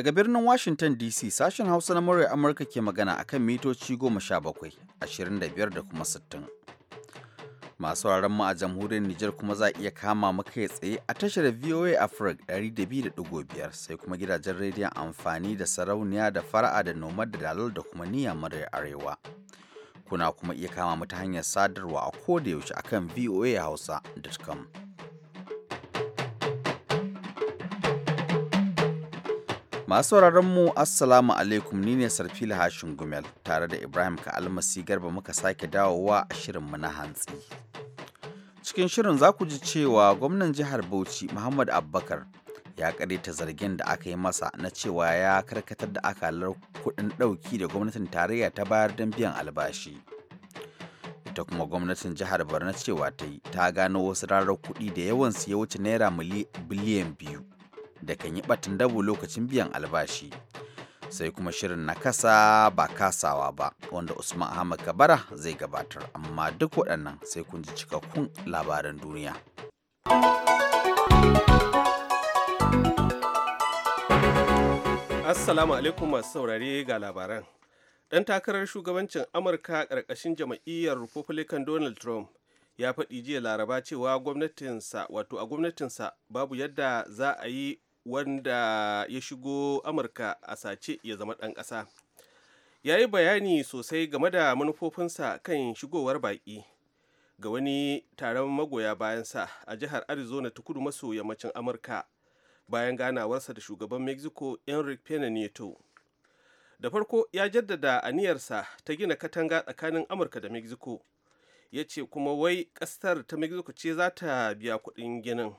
Daga birnin Washington DC sashen Hausa na murya Amurka ke magana akan mitoci goma sha bakwai 25 da kuma 60. Masu sauraron mu a jamhuriyar Nijar kuma za a iya kama maka kai tsaye a tashar VOA Africa 200.5 sai kuma gidajen rediyon amfani da sarauniya da fara'a da nomad da dalal da kuma niyya murya arewa. Kuna kuma iya kama mu ta hanyar sadarwa a koda yaushe akan hausa.com. Masu mu Assalamu alaikum ni ne Sarfila Hashin Gumel tare da Ibrahim ka almasi Garba muka sake dawowa a shirinmu na hantsi. Cikin shirin za ku ji cewa gwamnan jihar Bauchi Muhammad Abubakar ya ta zargin da aka yi masa na cewa ya karkatar da akalar kuɗin ɗauki da gwamnatin tarayya ta bayar don biyan albashi. Ita kuma gwamnatin jihar Borno cewa ta yi ta gano wasu rarar kuɗi da yawansu ya wuce naira biliyan biyu. da kan yi batun dabu lokacin biyan albashi sai kuma shirin na kasa ba kasawa ba wanda usman ahmad kabara zai gabatar amma duk waɗannan sai kun ji cikakkun labaran duniya assalamu alaikum masu saurare ga labaran ɗan takarar shugabancin amurka ƙarƙashin jam'iyyar republican donald trump ya faɗi jiya laraba cewa gwamnatinsa wato a gwamnatinsa babu yadda za a yi wanda ya shigo amurka a sace ya zama ɗan ƙasa ya yi bayani sosai game da manufofinsa kan shigowar baƙi ga wani taron magoya bayansa a jihar arizona ta kudu maso yammacin amurka bayan ganawarsa da shugaban mexico enrique pena Neto da farko ya jaddada aniyarsa ta gina katanga tsakanin amurka da mexico ya ce kuma wai ƙasar ta mexico ce za ta biya kuɗin ginin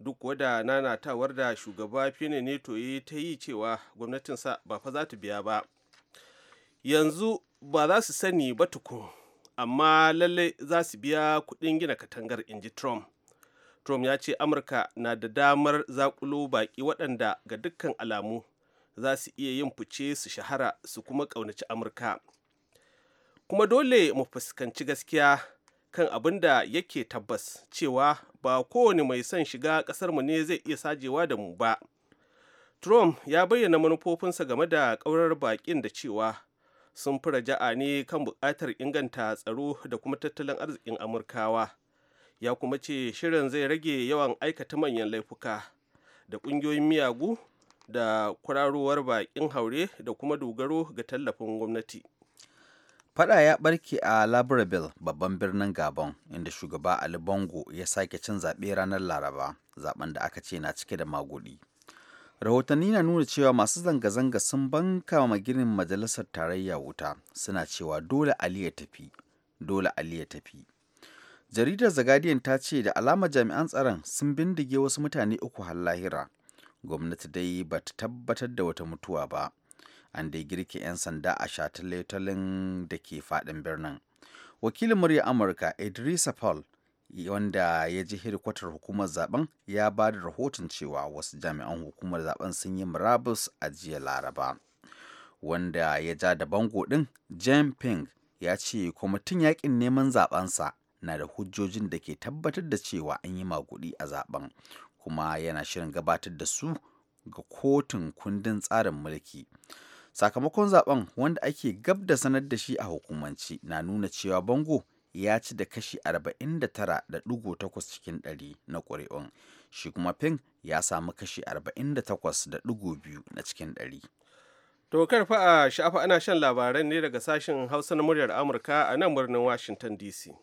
duk wada tawar da shugaba fine neto yi ta yi cewa gwamnatinsa ba fa za ta biya ba yanzu ba za su sani ba tukun amma lalle za su biya kuɗin gina katangar inji trump trump ya ce amurka na da damar zakulo baƙi waɗanda ga dukkan alamu za su iya yin fice su shahara su kuma ƙaunaci amurka kuma dole mu fuskanci gaskiya kan abin da yake tabbas cewa ba kowane mai son shiga mu ne zai iya sajewa da mu ba trump ya bayyana manufofinsa game da ƙaurar baƙin da cewa sun fura raja'a ne kan buƙatar inganta tsaro da kuma tattalin arzikin amurkawa ya kuma ce shirin zai rage yawan aikata manyan laifuka da ƙungiyoyin miyagu da kwararowar baƙin haure da kuma dogaro ga tallafin gwamnati. Fada ya barke a Libreville babban birnin Gabon inda shugaba Ali Bongo ya sake cin zaɓe ranar Laraba, zaben da aka ce na cike da magudi. Rahotanni na nuna cewa masu zanga-zanga sun banka ma ginin majalisar tarayya wuta suna cewa dole Ali ya tafi, dole Ali ya tafi. Jaridar The Guardian ta ce da alama jami'an tsaron sun bindige wasu mutane uku har lahira. Gwamnati dai ba ta tabbatar da wata mutuwa ba. an dai girke 'yan sanda a shataletalen da ke faɗin birnin wakilin murya amurka idrisa paul wanda ya ji hirikwatar hukumar zaben ya ba da rahoton cewa wasu jami'an hukumar zaben sun yi murabus a jiya laraba wanda ya ja da bango din jen ping ya ce kwamitin yakin neman zabensa na da hujjojin da ke tabbatar da cewa an yi magudi a zaben kuma yana shirin gabatar da su ga kotun kundin tsarin mulki sakamakon zaben wanda ake gab da sanar da shi a hukumanci na nuna cewa bango ya ci da kashi 49.8 cikin 100 na ƙuri'un shi kuma ping ya samu kashi 48.2 na cikin 100 to a shafa ana shan labaran ne daga sashen hausa na muryar amurka a nan birnin washington dc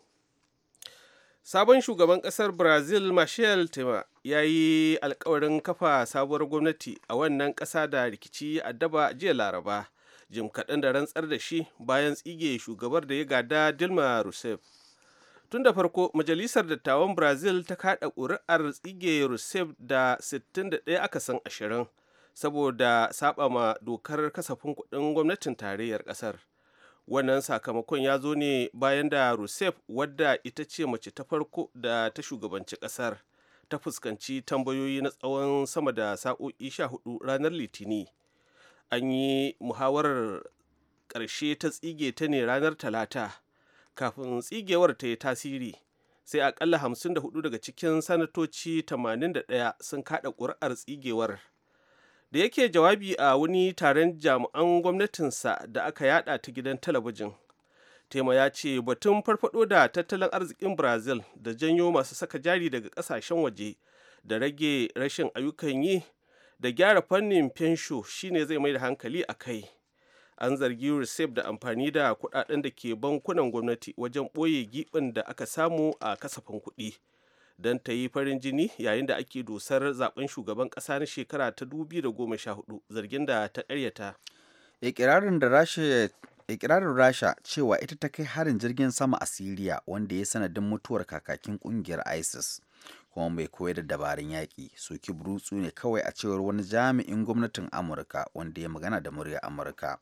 sabon shugaban kasar brazil michel tema ya yi alkawarin kafa sabuwar gwamnati a wannan kasa da rikici a daba jiya laraba jim kaɗan da rantsar da shi bayan tsige shugabar da ya gada dilma rousseff tun da farko majalisar dattawan brazil ta kaɗa ƙuri'ar tsige rousseff da 61 san 20 saboda saba ma dokar kasafin kuɗin gwamnatin tarayyar ƙasar wannan sakamakon ya zo ne bayan da rusef wadda ita ce mace ta farko da ta shugabanci kasar ta fuskanci tambayoyi na tsawon sama da sa'o'i hudu ranar litini an yi muhawarar ƙarshe ta tsige ta ne ranar talata kafin tsigewar ta yi tasiri sai akalla 54 daga cikin sanatoci 81 sun kaɗa ƙuri'ar tsigewar da yake jawabi a wani taron jami'an gwamnatinsa da aka yada ta gidan talabijin tema ya ce batun farfado da tattalin arzikin brazil da janyo masu saka jari daga kasashen waje da rage rashin ayyukan yi da gyara fannin fensho shine zai mai da hankali a kai an zargi recep da amfani da kudaden da ke bankunan gwamnati wajen ɓoye giɓin da aka samu a kasafin kuɗi. don ta yi farin jini yayin da ake dosar zaben shugaban ƙasa na shekara ta 2014 zargin da ta ƙaryata. ikirarin da rasha ikirarin rasha cewa ita ta kai harin jirgin sama a siriya wanda ya sanadin mutuwar kakakin kungiyar isis kuma mai koyar da dabarun yaƙi soki burutsu ne kawai a cewar wani jami'in gwamnatin amurka wanda ya magana da murya amurka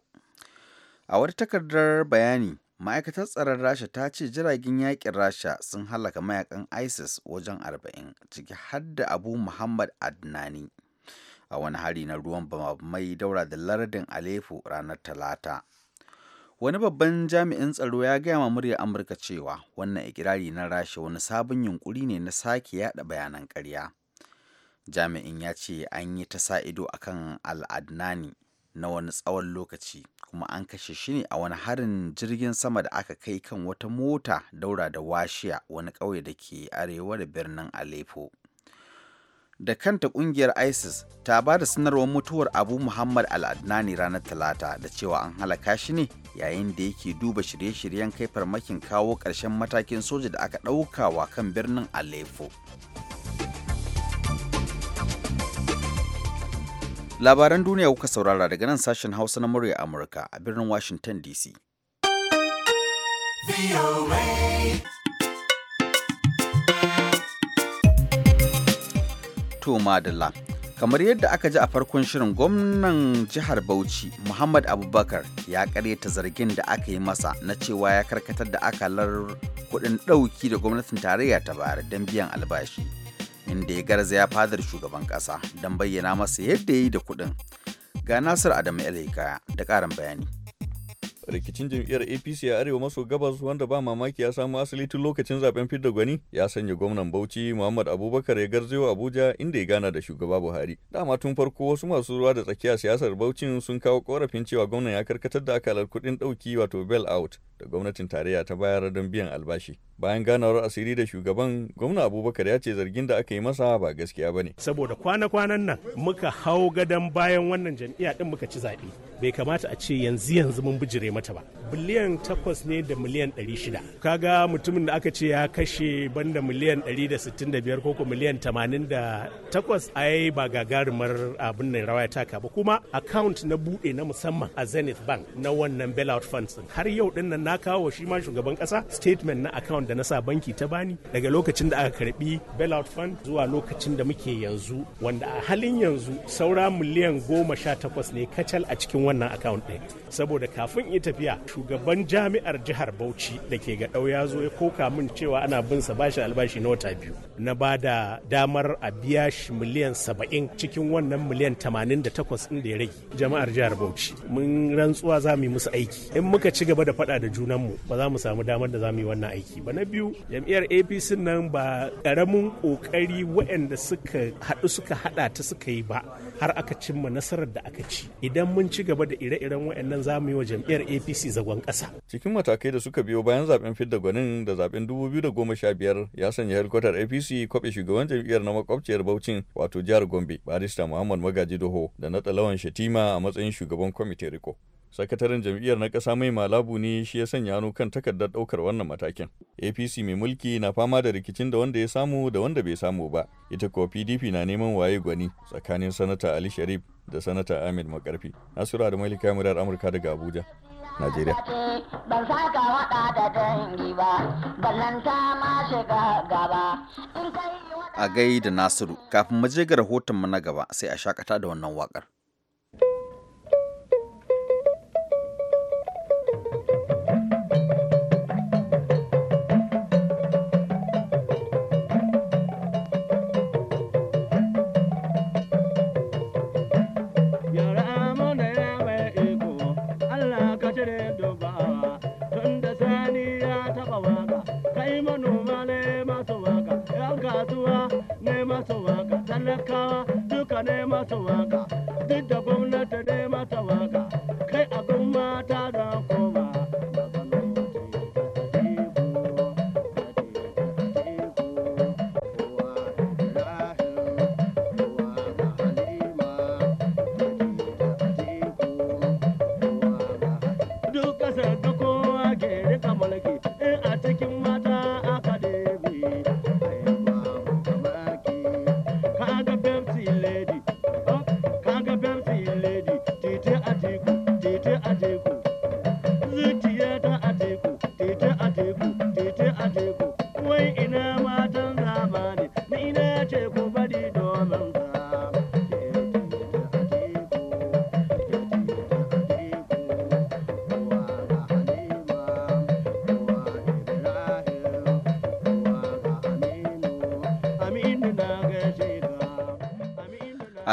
a wata takardar bayani ma'aikatar tsaron rasha ta ce jiragen yakin rasha sun halaka mayakan isis wajen arba'in ciki har da abu muhammad adnani a wani hari na ruwan mai daura da lardin aleppo ranar talata wani babban jami'in tsaro ya gaya ma muryar amurka cewa wannan ikirari na rasha wani sabon yunkuri ne na sake yada bayanan karya jami'in ya ce an yi ta sa ido akan al'adnani na wani tsawon lokaci kuma an kashe shi ne a wani harin jirgin sama da aka kai kan wata mota daura da washiya wani ƙauye da ke arewa da birnin aleppo da kanta kungiyar isis ta ba da sanarwar mutuwar abu muhammad al-adnani ranar talata da cewa an halaka shi ne yayin da yake duba shirye-shiryen kai farmakin kawo ƙarshen matakin soja da aka ɗauka wa kan birnin aleppo Labaran duniya kuka saurara daga nan sashen Hausa na murya Amurka a birnin Washington DC. To Madalla, kamar yadda aka ji a farkon shirin gwamnan jihar Bauchi Muhammad Abubakar ya karyata zargin da aka yi masa na cewa ya karkatar da akalar kuɗin ɗauki da gwamnatin tarayya ta bayar don biyan albashi. inda ya garzaya fadar shugaban kasa don bayyana masa yadda ya yi da kudin Ga Nasir Adamu kaya da ƙarin bayani. rikicin jam'iyyar apc a arewa maso gabas wanda ba mamaki ya samu asali tun lokacin zaben fidda gwani ya sanya gwamnan bauchi muhammad abubakar ya garzewa abuja inda ya gana da shugaba buhari dama tun farko wasu masu ruwa da tsakiya siyasar Bauchi sun kawo korafin cewa gwamnan ya karkatar da akalar kuɗin ɗauki wato bail out da gwamnatin tarayya ta bayar don biyan albashi bayan ganawar asiri da shugaban gwamna abubakar ya ce zargin da aka yi masa ba gaskiya ba ne saboda kwana-kwanan nan muka hau gadon bayan wannan jam'iyya din muka ci zaɓe bai kamata a ce yanzu yanzu mun bijire mata ba biliyan takwas ne da miliyan ɗari shida kaga mutumin da aka ce ya kashe banda miliyan ɗari da sittin da biyar koko miliyan tamanin da takwas ai ba gagarumar abin nan rawa ya taka ba kuma account na buɗe na musamman a zenith bank na wannan bailout funds din har yau ɗinnan nan na kawo shi ma shugaban ƙasa statement na account da na sa banki ta bani daga lokacin da aka karbi bailout fund zuwa lokacin da muke yanzu wanda a halin yanzu saura miliyan goma sha takwas ne kacal a cikin wannan account ɗin saboda kafin yi tafiya shugaban jami'ar jihar Bauchi da ke ga ya zo ya koka min cewa ana bin sa bashin albashi na wata biyu na ba da damar a biya shi miliyan saba'in cikin wannan miliyan tamanin da takwas ɗin da ya rage jama'ar jihar Bauchi mun rantsuwa za mu yi musu aiki in muka ci gaba da faɗa da junanmu ba za mu samu damar da za mu yi wannan aiki ba na biyu jam'iyyar APC nan ba ƙaramin ƙoƙari waɗanda suka haɗu suka haɗa ta suka yi ba har aka cimma nasarar da aka ci idan mun ci gaba da ire-iren waɗannan za mu yi wa jam'iyyar apc zagon ƙasa cikin matakai da suka biyo bayan zaben fidda gwanin da zaben 2015 ya sanya helikwatar apc kwabe shugaban jam'iyyar na makwabciyar baucin wato jihar gombe barista muhammad magaji doho da na lawan shatima a matsayin shugaban kwamitin riko sakataren jam'iyyar na ƙasa mai malabu ne shi ya sanya hannu kan takardar ɗaukar wannan matakin apc mai mulki na fama da rikicin da wanda ya samu da wanda bai samu ba ita kuwa pdp na neman waye gwani tsakanin sanata ali sharif da sanata ahmed makarfi nasura da malika murar amurka daga abuja Najeriya. da dangi ba, A gai da Nasiru, kafin mu je ga mu na gaba sai a shakata da wannan wakar.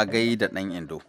a da ɗan indo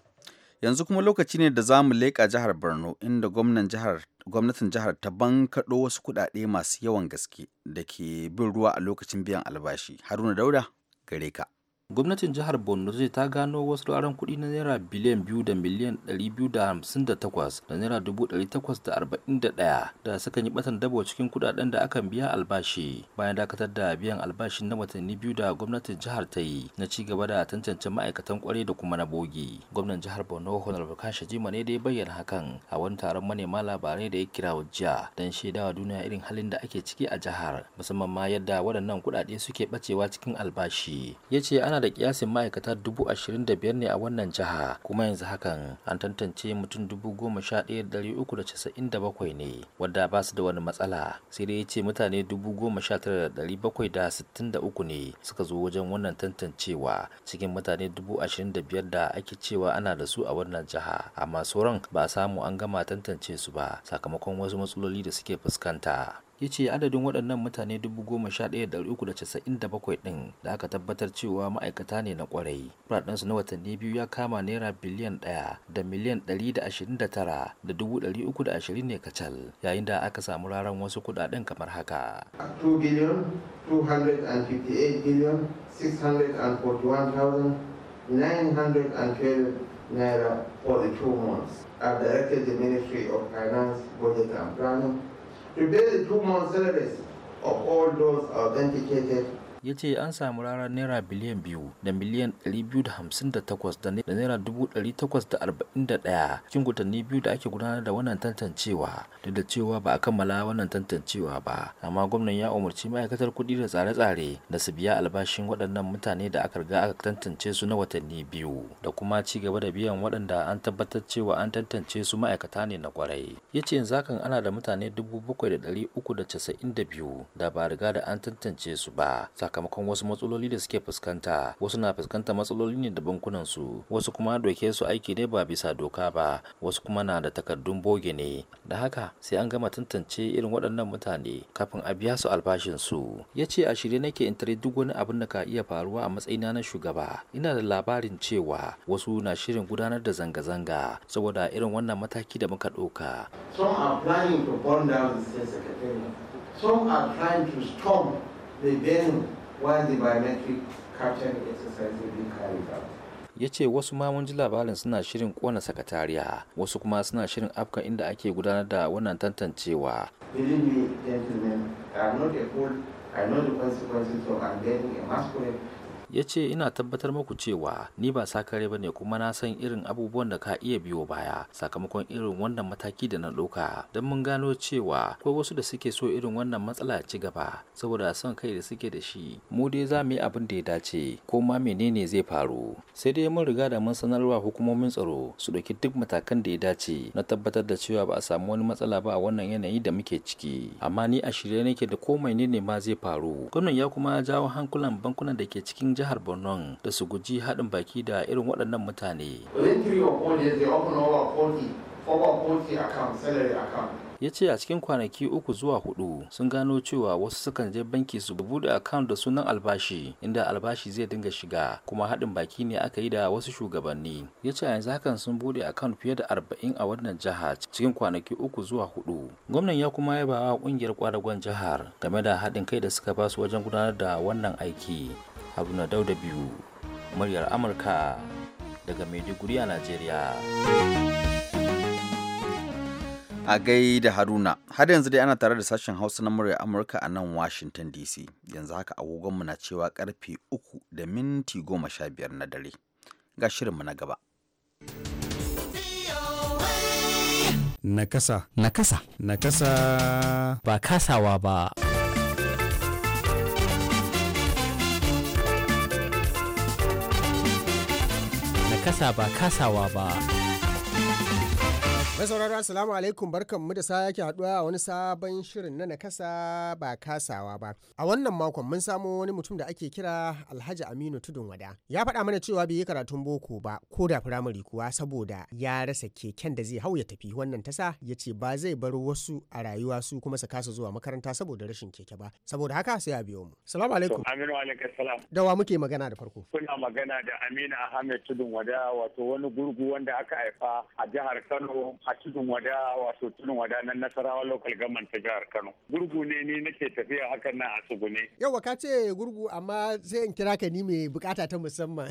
yanzu kuma lokaci ne da za mu leƙa jihar borno inda gwamnatin jihar ta bankaɗo wasu kuɗaɗe masu yawan gaske da ke bin ruwa a lokacin biyan albashi haruna dauda gare ka Gwamnatin jihar Borno ce ta gano wasu raran kuɗi na naira biliyan biyu da miliyan ɗari biyu da hamsin da takwas da naira dubu ɗari takwas da arba'in da ɗaya da suka yi batan dabo cikin kuɗaɗen da akan biya albashi bayan dakatar da biyan albashin na watanni biyu da gwamnatin jihar ta yi na ci gaba da tantance ma'aikatan kwarai da kuma na bogi. Gwamnan jihar Borno Honorable Kashi Jima ne da ya bayyana hakan a wani taron manema labarai da ya kira jiya don shaidawa duniya irin halin da ake ciki a jihar musamman ma yadda waɗannan kuɗaɗe suke ɓacewa cikin albashi. Ya ce ana da kiyasin ma'aikata dubu ashirin da biyar ne a wannan jiha kuma yanzu hakan an tantance mutum dubu goma sha ɗaya da uku da casa'in da bakwai ne wadda ba su da wani matsala sai dai ya ce mutane dubu goma sha tara da dari bakwai da sittin da uku ne suka zo wajen wannan tantancewa cikin mutane dubu ashirin da biyar da ake cewa ana da su a wannan jiha amma sauran ba a samu an gama tantance su ba sakamakon wasu matsaloli da suke fuskanta. ya ce adadin waɗannan mutane 11,397 ɗin da aka tabbatar cewa ma'aikata ne na kwarai kuɗaɗensu na watanni biyu ya kama naira biliyan ɗaya da miliyan 129 da 320 ne kacal yayin da aka samu raran wasu kuɗaɗen kamar haka 2 billion 258 billion 641,912 naira for the two months. I've directed the Ministry of Finance, Budget and Planning Prepare the two-month service of all those authenticated ya ce an samu rarar naira biliyan biyu da miliyan 258 da naira 841 cikin watanni biyu da ake gudanar da wannan tantancewa duk da cewa ba a kammala wannan tantancewa ba amma gwamnan ya umarci ma'aikatar kuɗi da tsare-tsare da su biya albashin waɗannan mutane da aka riga aka tantance su na watanni biyu da kuma ci gaba da biyan waɗanda an tabbatar cewa an tantance su ma'aikata ne na kwarai ya ce yanzu hakan ana da mutane biyu da ba riga da an tantance su ba sakamakon wasu matsaloli da suke fuskanta wasu na fuskanta matsaloli ne da bankunan su wasu kuma doke su aiki ne ba bisa doka ba wasu kuma na da takardun boge ne da haka sai an gama tantance irin waɗannan mutane kafin a biya su albashin su ya ce a shirye nake in tare duk wani abin da ka iya faruwa a matsayina na shugaba ina da labarin cewa wasu na shirin gudanar da zanga-zanga saboda irin wannan mataki da muka ɗauka. Some are planning to burn down the state Some are trying to storm the venue the biometric ya ce wasu ma mun ji labarin suna shirin kona sakatariya wasu kuma suna shirin afka inda ake gudanar da wannan tantancewa. I know the consequences of unbending a ya ce ina tabbatar muku cewa ni ba sakare ba ne kuma na san irin abubuwan da ka iya biyo baya sakamakon irin wannan mataki da na ɗauka don mun gano cewa ko wasu da suke so irin wannan matsala ci gaba saboda son kai da suke da shi mu dai za mu yi abin da ya dace ko ma menene zai faru sai dai mun riga da mun sanarwa hukumomin tsaro su ɗauki duk matakan da ya dace na tabbatar da cewa ba a samu wani matsala ba a wannan yanayi da muke ciki amma ni a shirye nake da ko menene ma zai faru gwamnan ya kuma jawo hankulan bankunan da ke cikin jihar borno da su guji haɗin baki da irin waɗannan mutane ya ce a cikin kwanaki uku zuwa hudu sun gano cewa wasu sukan je banki su bude account da sunan albashi inda albashi zai dinga shiga kuma haɗin baki ne aka yi da wasu shugabanni ya ce yanzu hakan sun bude account fiye da arba'in a wannan jiha cikin kwanaki uku zuwa hudu gwamnan ya kuma yaba wa kungiyar kwadagon jihar game da haɗin kai da suka ba su wajen gudanar da wannan aiki haruna dauda biyu muryar amurka daga maiduguri a najeriya a gai da haruna har yanzu dai ana tare da sashen hausa na muryar amurka a nan washington dc yanzu haka agogonmu na cewa karfe uku da minti goma sha biyar na dare ga shirinmu na gaba nakasa nakasa nakasa ba kasawa ba Kasa ba kasawa ba. sauraro Assalamu alaikum barkan mu da sake haduwa a wani sabon shirin na nakasa ba kasawa ba. A wannan makon mun samo wani mutum da ake kira Alhaji Aminu Tudun Wada. Ya faɗa mana cewa bai yi karatun boko ba ko da firamare kuwa saboda ya rasa keken da zai hau ya tafi wannan tasa ya ce ba zai bar wasu a rayuwa su kuma su kasa zuwa makaranta saboda rashin keke ba. Saboda haka sai a biyo mu. Assalamu alaikum. Aminu alaikum salam. dawa muke magana da farko? Kuna magana da Aminu Ahmed Tudun Wada wato wani gurgu wanda aka haifa a jihar Kano a tudun wada wato tudun wada na nasarawa local government ta jihar Kano. Gurgu ne ni nake tafiya hakan nan a tsugune. Yawa ka ce gurgu amma sai in kira ka ni mai bukata ta musamman.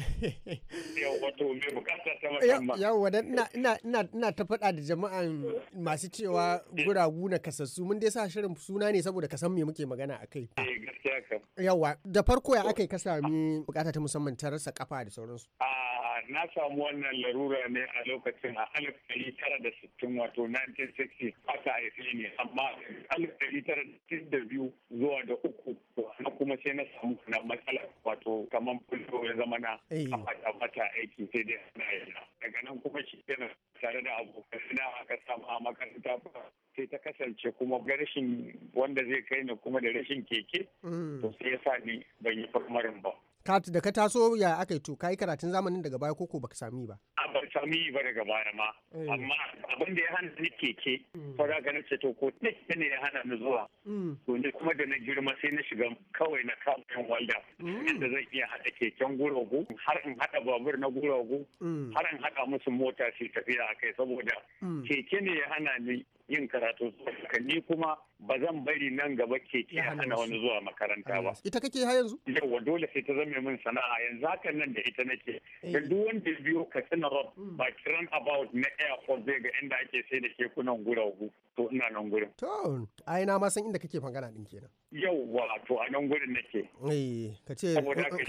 Yawa to mai bukata ta musamman. Yawa dan ina ina ina ta faɗa da jama'an masu cewa guragu na kasassu mun dai sa shirin suna ne saboda ka san me muke magana akai. Eh gaskiya kam. Yawa da farko ya akai ka sami bukata ta musamman ta rasa kafa da sauransu. Ah, na samu wannan larura ne a lokacin a alif ɗari tara da sittin wato 1960 aka haifi ne amma alif ɗari tara da sittin da biyu zuwa da uku na kuma sai na samu na matsala wato kamar fulfo ya zama na eh. a mata aiki sai dai na yana daga nan kuma shi yana tare da abokan aka samu a makaranta sai ta kasance kuma ga rashin wanda zai kai ni kuma da rashin keke mm. to sai ya sa ni ban yi farmarin ba da ka taso ya aka yi to ka yi karatun zamanin daga baya koko baka sami ba a ba sami ba daga baya ma eh. amma abin da ya hana ni keke fa hmm. za ka nace to ko ne ne ya hana ni zuwa hmm. to ni kuma da na girma sai na shiga kawai na kama yan walda hmm. yadda zan iya hada keken guragu har in hada babur na guragu har in hada musu mota sai tafiya kai saboda keke ne ya hana ni yin karatu ni kuma ba zan bari nan gaba keke ke hana wani zuwa makaranta ba. Ita kake ha yanzu? Yawwa dole sai ta zame min sana'a yanzu haka nan da ita nake. Da eh. duk wanda biyo ka tuna rob hmm. ba kiran about na airport zai ga inda ake sai da ke gura guragu to ina nan gurin. To a na ma san inda kake fangana din kenan. Yawwa to a nan gurin nake. Eh ka ce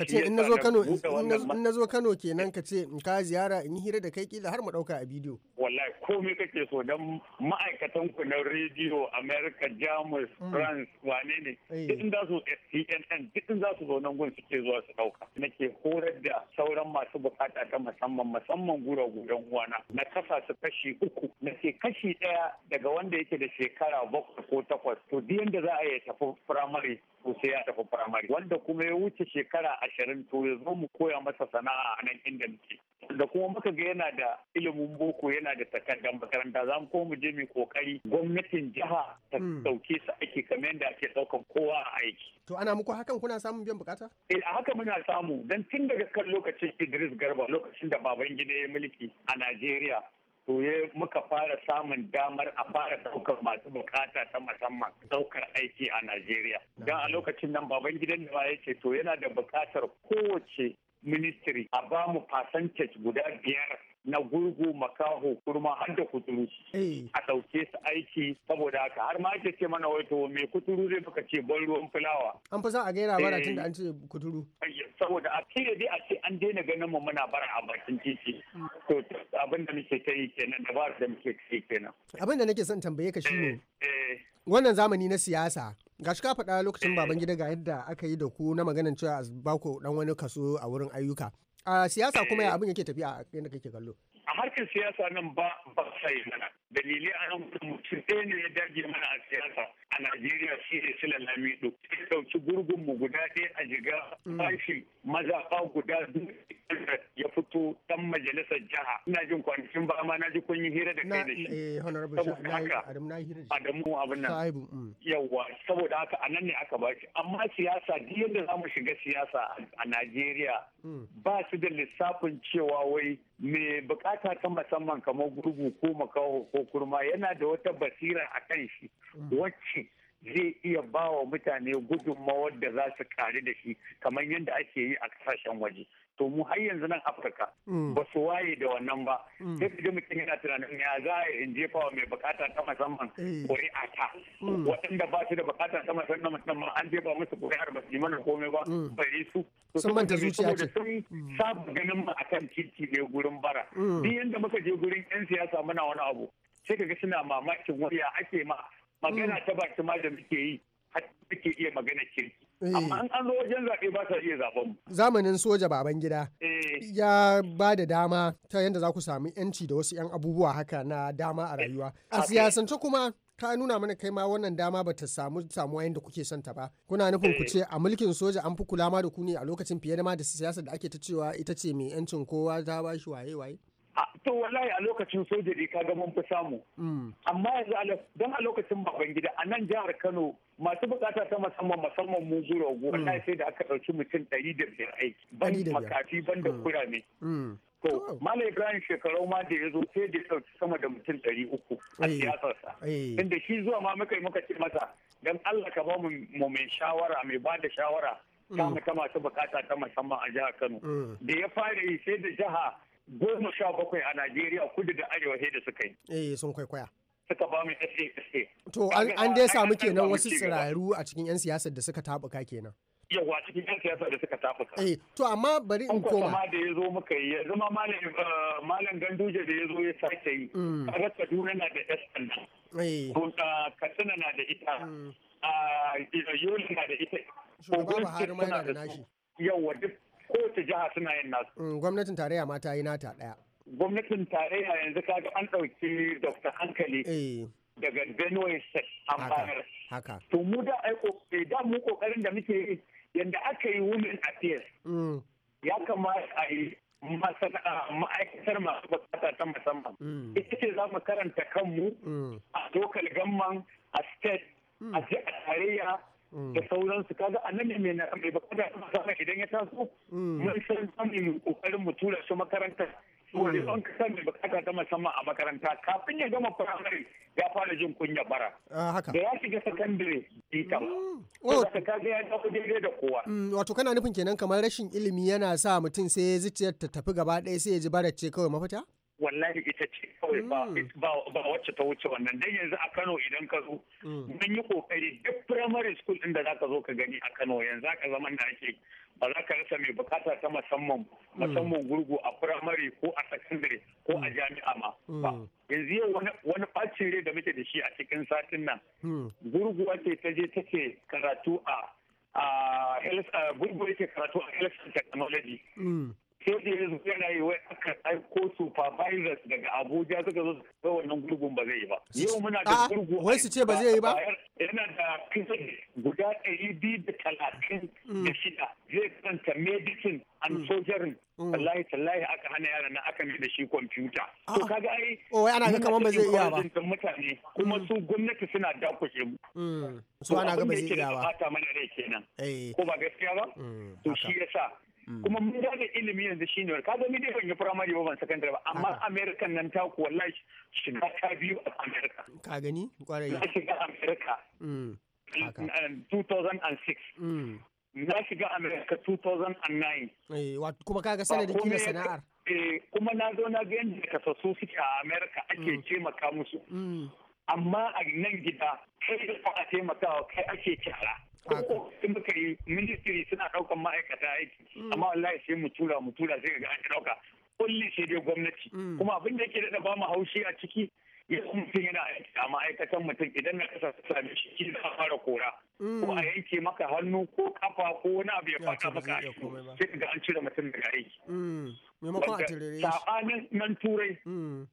ka ce in nazo Kano in nazo Kano kenan ka ce in ka ziyara in hira da kai kila har mu dauka a bidiyo. Wallahi komai kake so dan ma'aikatan ku na rediyo America jamus mm. france wane ne eh. duk za su eh, cnn dukkan za su zaunan gun suke zuwa su dauka nake horar da sauran masu bukata ta musamman musamman gura guren uwana na kasa su kashi uku na ke kashi ɗaya daga wanda yake da shekara bakwai ko takwas to duk da za a yi tafi firamare to sai ya tafi firamare wanda kuma ya wuce shekara ashirin to ya zo mu koya masa sana'a a nan inda muke da kuma muka ga yana da ilimin boko yana da takardar makaranta za mu mu je mai kokari gwamnatin jiha ta dauke hmm. su ake kamar yadda ake daukan kowa a aiki to ana muku hakan kuna samun biyan bukata eh a haka muna samu dan tun daga kan lokacin Idris Garba lokacin da baban gida ya mulki a Najeriya to muka fara samun damar a fara daukar masu bukata ta musamman daukar aiki a Najeriya. Don a lokacin nan baban gidan da ya ce to yana da bukatar kowace ministry a ba mu percentage guda biyar na gurgu makaho kurma har da kuturu eh. a ɗauke su aiki saboda haka har ma ake ce mana wato mai kuturu zai baka ce ban ruwan fulawa an fi san a gaira bara eh. tun da an ce kuturu eh, saboda a kira dai a ce an daina ganin mu muna bara a bakin titi to abin da muke kai kenan ba da muke kai kenan abin da nake son tambaye ka shine wannan zamani na siyasa Ga shi ka faɗa lokacin baban gida ga yadda aka yi da ku na maganin cewa ba ku dan wani kaso a wurin ayyuka a siyasa kuma ya abin yake tafiya yadda kake kallo a harkar siyasa nan ba ba sai mana dalilai a nan mutum ɗaya ne ya dage mana a siyasa a najeriya shi ne sila lamido ya ɗauki gurgun mu guda ɗaya a jiga mm. bashi mazaɓa guda ya fito ɗan majalisar jiha ina jin kwanakin ba ma na ji kun yi hira da kai da shi eh, saboda haka adamu abin nan mm. yawwa saboda haka a nan ne aka bashi amma siyasa duk yadda za mu shiga siyasa a najeriya mm. ba su da lissafin cewa wai mai bukata ta musamman kamar gurgu ko makaho ko kurma yana da wata basira a kan shi mm. wacce zai iya bawa mutane gudunmawar da za su kare da shi kamar yadda ake yi a kasashen waje to mu har yanzu nan afirka mm. ba su waye da wannan ba mm. sai su mutum yana tunanin ya za a in jefa wa mai bukata ta musamman eh. ƙuri'a ta mm. waɗanda ba su da bukata ta musamman musamman an jefa musu ƙuri'ar ba su yi mana komai ba bari su sun manta zuciya ce sun saba ganin mu akan titi ne gurin bara duk yanda muka je gurin yan siyasa muna wani abu sai ga suna mamakin wani ake ma magana ta baki ma da muke yi suke iya magana kirki. Eh. Amma an an zo wajen zaɓe ba sa iya zaɓen mu. Zamanin soja baban gida. Eh. Ya ba da dama ta yadda za ku sami yanci da wasu 'yan abubuwa haka na dama a rayuwa. A siyasance kuma ka nuna mana kai ma wannan dama ba ta samu samuwa yadda kuke son ta ba kuna nufin ku eh. ce a mulkin soja an fi kula ma da ku ne a lokacin fiye da ma da siyasar da ake ta cewa ita ce mai yancin kowa ta ba shi waye waye to wallahi a lokacin soja dai ga mun fi samu mm. amma yanzu don a lokacin baban gida a nan jihar Kano masu bukata ta musamman musamman mu zuwa guwa na sai da aka ɗauki mutum ɗari da biyar aiki ban makafi ban da mm. kurame mm. to malam ibrahim shekarau ma da ya zo sai da ɗauki sama da mutum ɗari uku a siyasarsa inda shi zuwa ma muka yi muka ce masa don allah ka ba mu mai shawara mai ba da shawara kama mm. ta masu bukata ta musamman a jihar kano da ya fara yi sai da jiha goma sha bakwai a najeriya kudu da arewa sai da suka yi eh, sun kwaikwaya suka ba mu SASA. To an dai samu kenan wasu tsiraru a cikin 'yan siyasar da suka tabuka kenan. Yawwa cikin 'yan siyasar da suka tabuka. Eh to amma bari in koma. Kuma da ya zo muka yi ya zama eh, malam ganduje da ya zo ya sake yi. Mm. Kaga Kaduna na da SN. Eh. eh. Katsina na da ita. Mm. Ah, eh, Yoli na da ita. Shugaba Buhari ma yana da nashi. Yawwa duk kowace jiha suna yin nasu. Mm, gwamnatin tarayya ma ta yi nata ɗaya. gwamnatin tarayya yanzu kaga an ɗauki dokta hankali eh. daga benue an Haka. to mu da eh, da mu kokarin da muke yi yanda aka yi women affairs mm. ya kamata a yi ma'aikatar masu bukata ta musamman mm. ita ce za mu karanta kanmu mm. a local gamman a state a tarayya da mm. sauransu kaga a nan ne mai na mai bukata ta idan ya taso mm. mun san zamu kokarin mu tura shi makaranta wani mm. an kasar mai bukata ta musamman a makaranta kafin ya gama firamare ya fara jin kunya bara ah, da ya shiga sakandare ita ba wata oh. kaga ya dawo daidai da kowa wato kana nufin kenan kamar rashin ilimi yana sa mutum sai ya zuciyar ta tafi gaba ɗaya sai ya ji bara ce kawai mafita wallahi ita ce kawai hmm. ba wacce ta wuce wannan dan yanzu a Kano idan ka zo hmm. mun yi kokari duk primary school din da zaka zo ka gani a Kano yanzu ka zama da ake ba za ka rasa mai bukata ta musamman hmm. musamman gurgu a primary ko a secondary ko a jami'a ma yanzu yau wani bacin rai da muke da shi a cikin satin nan gurgu ce ta je take karatu a gurgu yake karatu a health technology sai da ya zuwa yana yi wai aka aiko supervisors daga abuja suka zo ga wannan gurgun ba zai yi ba yau muna da ah, gurgu wai su ce ba zai yi ba yana da kisa guda ɗari biyu da talatin da mm. shida zai kanta medicine an mm. sojarin mm. wallahi tallahi aka hana yara na aka mai da shi kwamfuta to ah. kaga ai o oh, wai ana ga kaman ba zai iya ba mutane kuma su gwamnati suna dakushe mu su ana ga ba zai iya ba eh. ko ba gaskiya ba to shi yasa Mm. kuma mun gane ilimi yanzu ne ka ga dai ban yi primary ba ban secondary ba amma american nan ta ku wallahi shiga ta biyu a america ka gani kwarai na shiga america 2006 mm. mm, na shiga amerika 2009 eh, kuma kaga sanadin kila sana'ar eh, kuma na zo na ga yadda kasassu suke a amerika ake taimaka musu amma a nan gida kai da ba a taimakawa kai ake kyara in muka yi ministry suna daukan ma'aikata aiki mm. amma wallahi sai mu tura mu tura sai ga a dauka kulli sai dai gwamnati mm. kuma abin da yake da ba mu haushi a ciki ya mutum yana a ma'aikatan mutum idan na kasa sami shi shi za fara kora mm. ko a yanke maka hannu ko kafa ko wani abu ya fata maka sai ga an cire mutum daga aiki maimakon a tirere shi sabanin nan turai mm.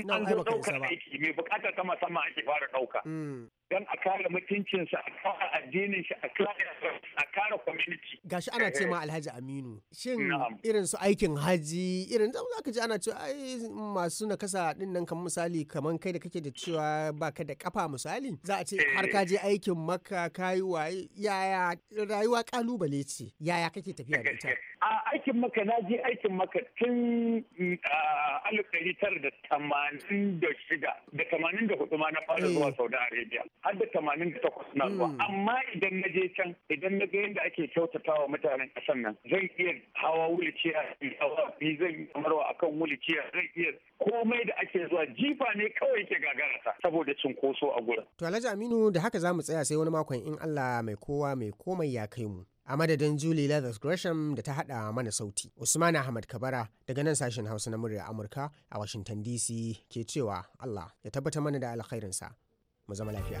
in an zo daukar aiki mai bukatar ta musamman ake fara dauka mm. don a kare mutuncinsa a kare addinin shi a kare a kare community gashi ana ce ma eh. Alhaji Aminu shin irin su aikin haji irin za ka ji ana cewa ai masu nakasa din nan kan misali kamar kai da kake da cewa baka da kafa misali za a ce eh. har ka je aikin Makka kayi waye yaya rayuwa kalubale ce yaya kake tafiya da ita a aikin maka na je aikin maka. tun ah, alif ɗari da tamanin da shida da tamanin da hudu ma na fara zuwa eh. saudi arabia har da tamanin da takwas na zuwa hmm. amma idan na je can idan na ga yadda ake kyautata wa mutanen ƙasar nan zan iya hawa wuliciya hawa bi zan kamarwa akan wuliciya zan iya komai da ake zuwa jifa ne kawai ke gagarata saboda cinkoso a gurin. to alhaji aminu da haka za mu tsaya sai wani makon in allah mai kowa mai komai ya kai mu. a madadin Julie Leathers Gresham da ta hada mana sauti. Usman Ahmad Kabara daga nan sashen Hausa na murya Amurka a Washington DC ke cewa Allah ya tabbata mana da alkhairinsa. Mu zama lafiya.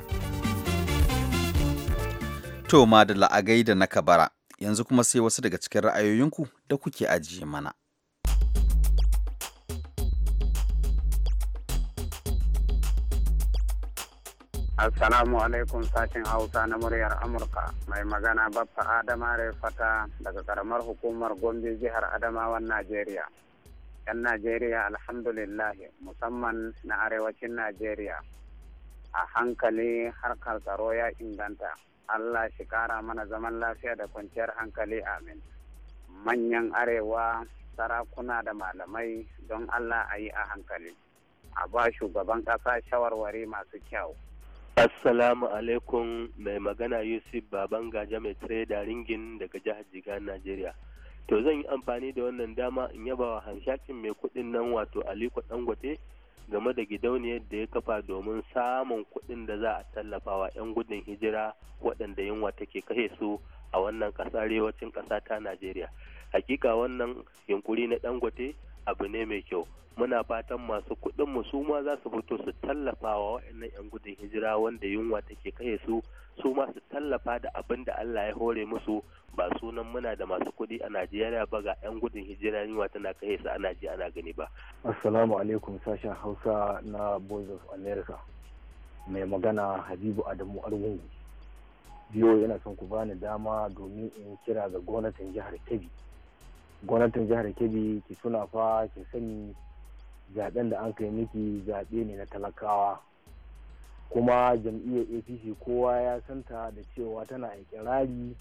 To da la'agai da na kabara, yanzu kuma sai wasu daga cikin ra'ayoyinku da kuke ajiye mana. Assalamu alaikum sashen Hausa na muryar Amurka mai magana Baffa Adama Fata daga karamar hukumar Gombe jihar Adamawan Najeriya. 'Yan Najeriya alhamdulillah musamman na arewacin Najeriya. A hankali harkar tsaro ya inganta. Allah shi kara mana zaman lafiya da kwanciyar hankali amin. Manyan arewa sarakuna da malamai don Allah a yi a hankali. A ba shugaban ƙasa shawarwari masu kyau. Assalamu alaikum mai magana Yusuf Baban Gaja mai da ringin daga jihar Jiga, Najeriya. To zan yi amfani da wannan dama in yaba wa hanshakin mai kudin nan wato Aliko Dangote game da gidauniyar da ya kafa domin samun kudin da za a tallafa wa 'yan gudun hijira waɗanda yunwa take kashe su a wannan ƙasa arewacin ƙasa ta Najeriya. Hakika wannan yunkuri na Dangote abu ne mai kyau muna fatan masu kuɗin mu su ma za su fito su tallafa wa waɗannan 'yan gudun hijira wanda yunwa take kai su su ma su tallafa da abin da Allah ya hore musu ba sunan muna da masu kuɗi a Najeriya ba ga 'yan gudun hijira yunwa tana kai su a Najeriya ana gani ba. Assalamu alaikum sashen Hausa na Voice of America. Mai magana Habibu Adamu Arwungu. Biyo yana son ku bani dama domin in kira ga gwamnatin jihar Kebbi. gwamnatin jihar kebbi ki suna fa ki sani zaɓen da an kai miki zaɓe ne na talakawa kuma jam'iyyar apc kowa ya santa da cewa tana ikirari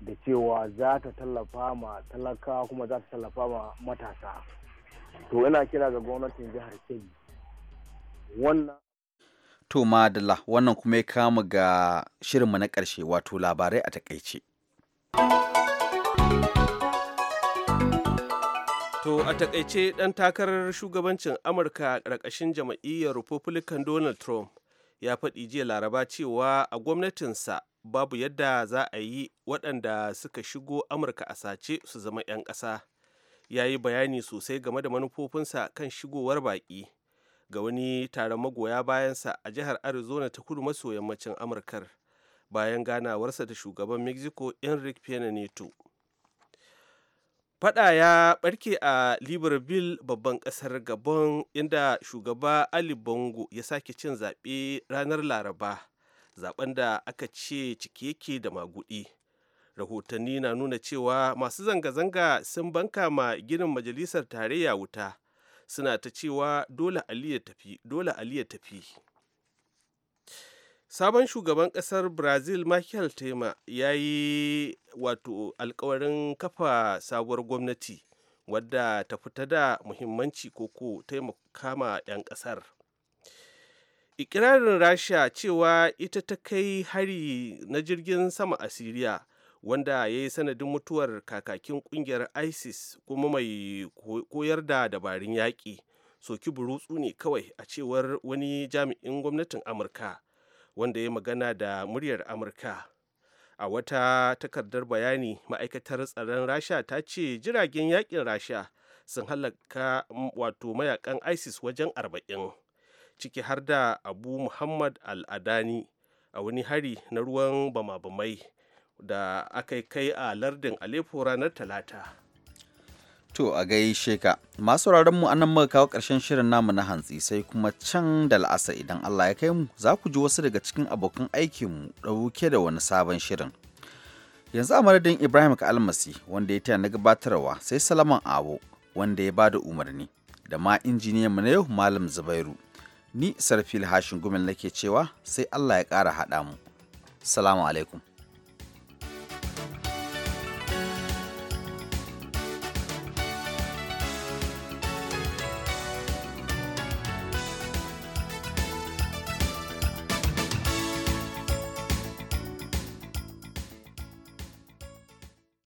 da cewa za ta tallafa ma talaka kuma za ta tallafa ma matasa to ina kira ga gwamnatin jihar kebbi wannan to madalla wannan kuma ya kama ga shirinmu na ƙarshe wato labarai a takaice. To a takaice ɗan takarar shugabancin Amurka ƙarƙashin jam'iyyar Republican Donald Trump ya faɗi jiya laraba cewa a gwamnatinsa babu yadda za a yi waɗanda suka shigo Amurka a sace su zama 'yan ƙasa. Ya yi bayani sosai game da manufofinsa kan shigowar baƙi ga wani taron magoya bayansa a jihar Arizona ta kudu maso yammacin Amurkar bayan ganawarsa da shugaban Mexico Enrique Pena Nieto. Fada ya barke a Libreville babban kasar Gabon inda shugaba Ali Bongo ya sake cin zaɓe ranar Laraba, zaben da aka ce cike yake da magudi. Rahotanni na nuna cewa masu zanga-zanga sun banka ma ginin majalisar tarayya wuta, suna ta cewa dole Ali ya tafi, dole Ali ya tafi. sabon shugaban kasar brazil michael tema ya yi wato alkawarin kafa sabuwar gwamnati wadda ta fita da muhimmanci koko taimaka ma 'yan kasar ikirarin rasha cewa ita ta kai hari na jirgin sama a syria wanda ya yi sanadin mutuwar kakakin kungiyar isis kuma mai koyar da dabarun yaƙi soki burutsu ne kawai a cewar wani jami'in gwamnatin amurka wanda ya magana da muryar amurka a wata takardar bayani ma'aikatar tsaron rasha ta ce jiragen yakin rasha sun halaka mm, wato mayakan isis wajen arba'in ciki har da abu muhammad aladani a wani hari na ruwan bama-bamai da aka kai a lardin aleppo ranar talata To a gaishe ka. Masu mu nan muka kawo ƙarshen shirin namu na hantsi sai kuma can da la'asa idan Allah ya kai mu za ku ji wasu daga cikin abokan aikinmu ɗauke da wani sabon shirin. Yanzu a madadin Ibrahim Almasi wanda ya taya na gabatarwa sai Salaman Abo wanda ya bada umarni da ma injiniyan mu na yau Malam Zubairu. Ni Sarfil Hashin Gumel nake cewa sai Allah ya ƙara haɗa mu. Salamu alaikum.